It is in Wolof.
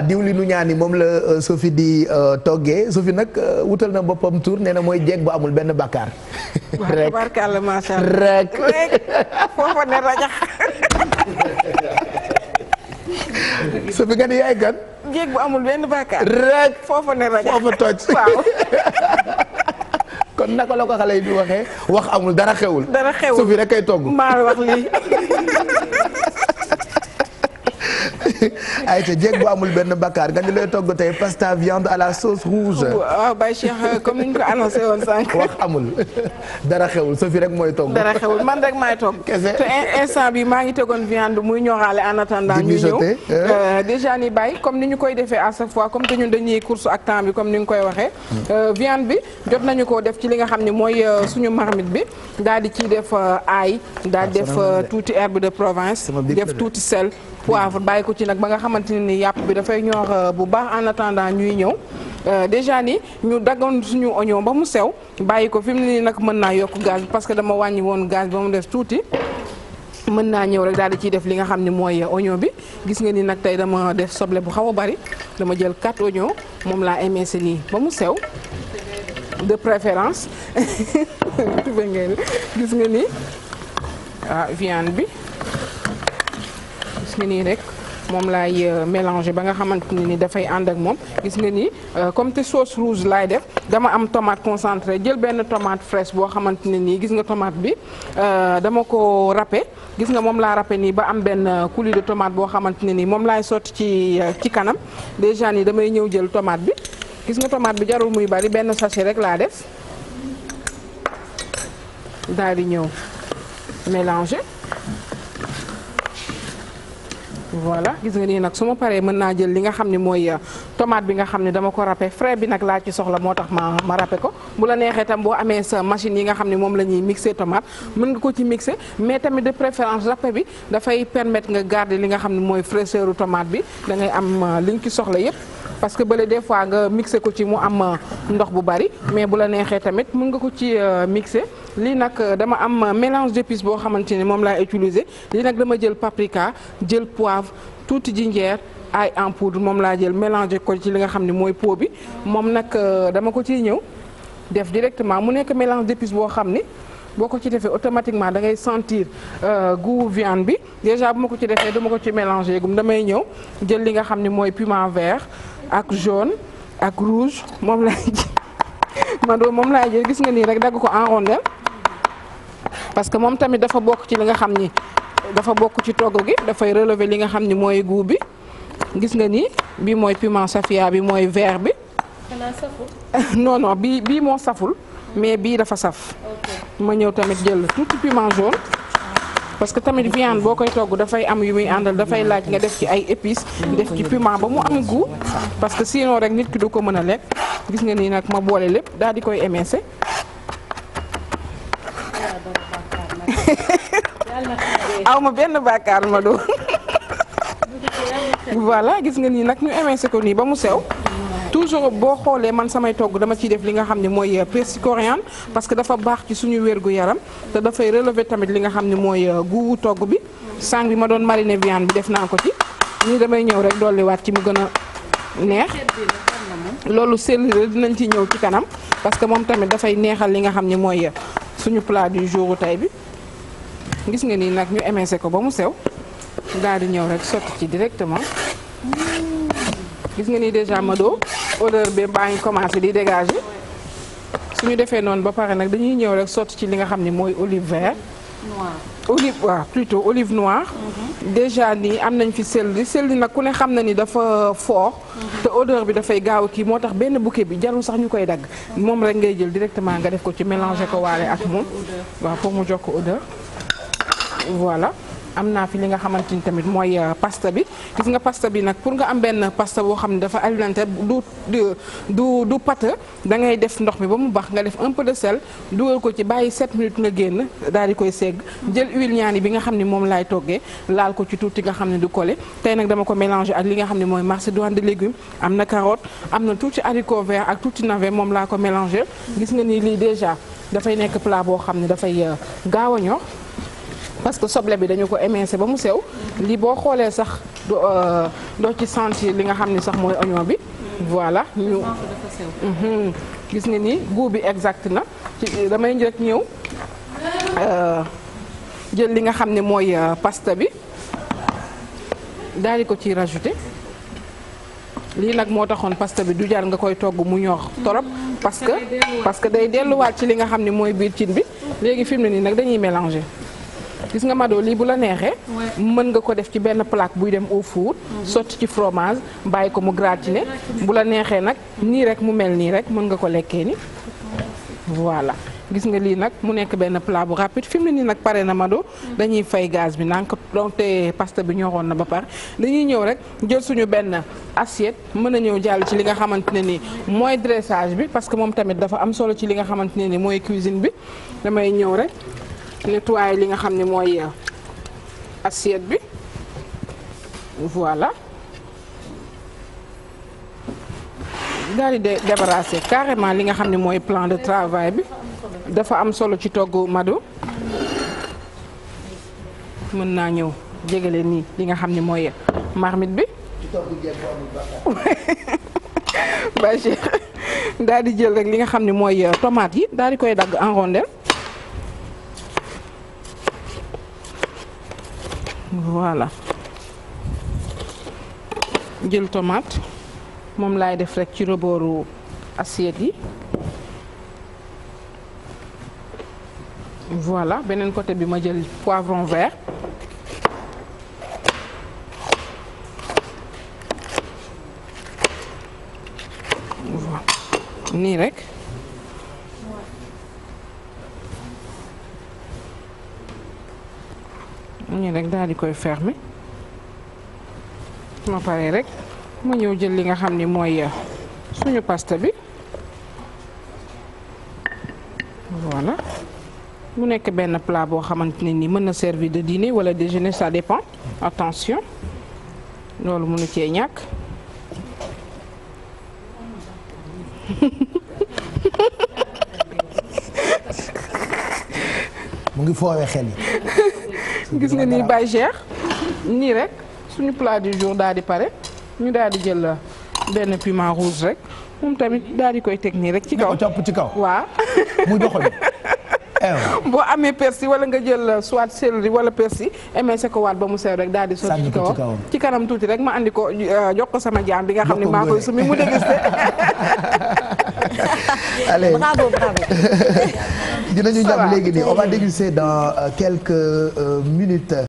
diwlinu ñaani moom la euh, Sophie di euh, toggee Sophie nag euh, wutal na boppam tur nee na mooy jeeg bu amul benn bakkaar. rek waaw foofa ne rajax. Sophie nga ni yaay kan. jeeg bu amul benn bakkaar. rek foofa ne rajax foofa toj waaw. kon naka la ko xale yi di waxee wax amul dara xewul. dara rek kay togg. maa wax lii. ayca jéeg bu amul benn bakkaar nga ni looy togg tey pasta viande à la sauce rouge. waaw oh, oh, Baye euh, comme ni ñu ko woon sànq. wax amul dara xewul Sophie rek mooy togg. dara xewul man rek maay togg. kese instant bi maa ngi tegoon viande muy ñoraale en attendant. ñu ñëw eh? euh, déjà ni baay comme ni ñu koy defee à chaque fois comme que ñun dañuy course ak temps bi comme ni nga koy waxee. Hmm. Euh, viande bi jot nañu ko def ci li nga xam ne mooy suñu marmite bi daal di ciy def ay daal ah, def tuuti herbe de Provence def tuuti sel. poivre bàyyi ko ci nag ba nga xamante ne ni yàpp bi dafay ñor euh, bu baax en attendant ñuy ñëw euh, déjà ni ñu daggoon suñu oignon ba mu sew bàyyi ko fi mu ne nag mën naa yokk gaz bi parce que dama wàññi woon gaz ba mu des tuuti mën naa ñëw rek daal di ciy def li nga xam ne mooy oignon bi gis nga ni nag tey dama def soble bu xaw a bari dama jël 4 oignons moom laa émincé nii ba mu sew de préférence gis nga ni waaw ah, viande bi nii rek moom laay euh, mélanger ba nga xamante ne ni dafay ànd ak moom gis nga ni euh, comme te sauce rouge laay def dama am tomate concentré jël benn tomate fraîche boo xamante ne nii gis nga tomate bi euh, dama ko râpé gis nga moom laa râpé nii ba am benn coulis de tomate boo xamante ne nii moom laay sotti ci ci kanam déjà nii damay ñëw jël tomate bi gis nga tomate bi jarul muy bari benn sachet rek laa def daal di ñëw mélanger voilà gis nga nii nag su ma paree mën naa jël li nga xam ne mooy euh, tomate bi nga xam ne dama ko râpé frais bi nag laa ci soxla moo tax ma ma râpé ko bu la neexee tam boo amee sa machine yi nga xam ne moom la ñuy mixé tomate mën nga ko ci mixé mais tamit de préférence râpé bi dafay permettre nga garder li nga xam ne mooy fraîcheur tomate bi dangay am euh, li nga ci soxla yépp parce que bële des fois nga mixé ko ci mu am euh, ndox bu bari mais bu la neexee tamit mën nga ko ci mixé lii nag euh, dama am euh, mélange d'épices boo xamante ni moom laay utiliser li nag dama jël paprika jël poivre tuuti jinjeer ail en poudre moom laa jël mélanger ko li nga xam ne mooy pot bi moom nag euh, dama ko ciy ñëw def directement mu nekk mélange d'épices boo xam ni boo ko ci defee automatiquement da ngay sentir goût viande bi déjà bu ma ko ci defee dama ko ci mélanger gum damay ñëw jël li nga xam ne mooy piment vert ak jaune ak rouge moom laay man moom laay jël gis nga nii rek dagg ko en parce que moom tamit dafa bokk ci li nga xam ni dafa bokk ci togg gi dafay relever li nga xam ni mooy goût bi gis nga ni bii mooy piment safia bi mooy vert bi. xanaa saful. non bii moo saful. mais bii dafa saf. ma ñëw tamit jël tuuti piment jaune. parce que tamit viande boo koy togg dafay am yu muy àndal dafay laaj nga def ci ay épices. def ci piment ba mu am goût. parce que sinon rek nit ki du ko mën a lekk. gis nga nii nag ma boole lépp daal di koy émincé. aw ma benn baakaar ma doon voilà gis nga nii nag ñu émincé ko nii ba mu sew toujours boo xoolee man samay togg dama ciy def li nga xam ne mooy euh, persil coriandre parce que dafa baax ci suñu wérgu yaram dafay relever tamit li nga xam ne mooy euh, guubu togg bi sang bi ma doon mariner viande bi def naa ko ci nii damay ñëw rek dolliwaat ci mu gën a neex loolu seetlu dinañ ci ñëw ci kanam parce que moom tamit dafay neexal li nga xam ne mooy euh, suñu plat du jour tey bi gis nga nii nag ñu émincé ko ba mu sew daal di ñëw rek sotti ci directement gis nga nii déjà Mado odeur bi baa ngi commencé di dégager su ñu defee noonu ba pare nag dañuy ñëw rek sotti ci li nga xam ne mooy olive vert. noir olive waaw plutôt olive noire. Mhm. déjà nii am nañ fi sellerie sellerie nag ku ne xam na ni dafa fort. Mhm. te odeur bi dafay gaaw kii moo tax benn bouquet bi jarul sax ñu koy dagg. Mhm. moom rek ngay jël directement nga def ko ci mélanger ko waale ak moom. waaw pour mu jokk voilà am naa fi li nga xamante ni tamit mooy euh, pasta bi gis nga pasta bi nag pour nga am benn pasta boo xam ne dafa alimenté du du du da ngay def ndox mi ba mu baax nga def un de sel dugal ko ci bàyyi 7 minutes nga génn daal di koy segg jël huile bi nga xam ne moom laay toggee laal ko ci tuuti nga xam ne du collé tey nag dama ko mélangé ak li nga xam ne mooy macédoine de légumes am na carotte am na tuuti haricot vert ak tuuti navet moom laa ko mélangé gis nga ni lii déjà dafay nekk plat boo xam ne dafay euh, gaaw a ñor parce que soble bi dañu ko émincé ba mu sew li boo xoolee sax du euh, doo ci sentir li nga xam ni sax mooy oignon bi voilà mhm. gis nga ni goût bi exact na damay njëkk ñëw euh, jël li nga xam ne mooy euh, pasta bi daal di ko ciy rajouté lii nag moo taxoon pasta bi du jar nga koy togg mu ñor torop parce que parce que day delluwaat ci li nga xam ne mooy biir cin bi léegi fi mu ne nii nag dañuy mélanger gis nga mado lii bu la neexee. mën nga ko def ci benn plaque buy dem au four. Mhm. sotti ci fromage bàyyi ko mu gratiné bu la neexee nag nii rek mu mel nii rek mën nga ko lekkee ni voilà gis nga lii nag mu nekk benn plat bu rapide fi mu ne nii nag pare na mado mhm. dañuy fay gaz bi naan ko donte pasta bi ñoroon na ba pare dañuy ñëw rek jël suñu benn assiette mën na ñëw jàll ci li nga xamante ne nii mooy dressage bi parce que moom tamit dafa am solo ci li nga xamante ne nii mooy cuisine bi damay ñëw rek. nettoyer li nga xam ne mooy euh, assiette bi voilà daal di débarrasser carrément li nga xam ne mooy plan de travail bi dafa am solo ci togg Madou mën naa ñëw jegale nii li nga xam ne mooy marmite bi Bachir daal di jël rek li nga xam ne mooy euh, tomate yi daal di koy dagg en voilà jël tomate moom laay def rekk ci rebooru assiette yi voilà beneen côté bi ma jël poivron vert voilà nii rek nii rek daal di koy fermer ma pare rek ma ñëw jël li nga xam ni mooy euh, suñu pasta bi voilà mu nekk benn plat boo xamante ne ni mën na servir de dîner wala déjeuner ça dépend attention loolu mu mënu cee ñàkk mu ngi foowee xel yi gis nga nii bay Cheikh nii rek suñu plat du jour daal di pare ñu daal di jël euh, benn piment rouge rek moom tamit daal di koy teg nii rek. ci kaw topp ci kaw waaw. mu doxal. Eh boo amee persil wala nga jël euh, soit céleri wala persil émincé ko waat ba mu sew rek daal di sotti ci kaw ci kanam tuuti rek ma andi ko euh, jox ko sama jaam bi nga xam ne maa koy sumi mu dégiste allez bravo bravo. dinañu ñam léegi nii on va déguster dans euh, quelques euh, minutes.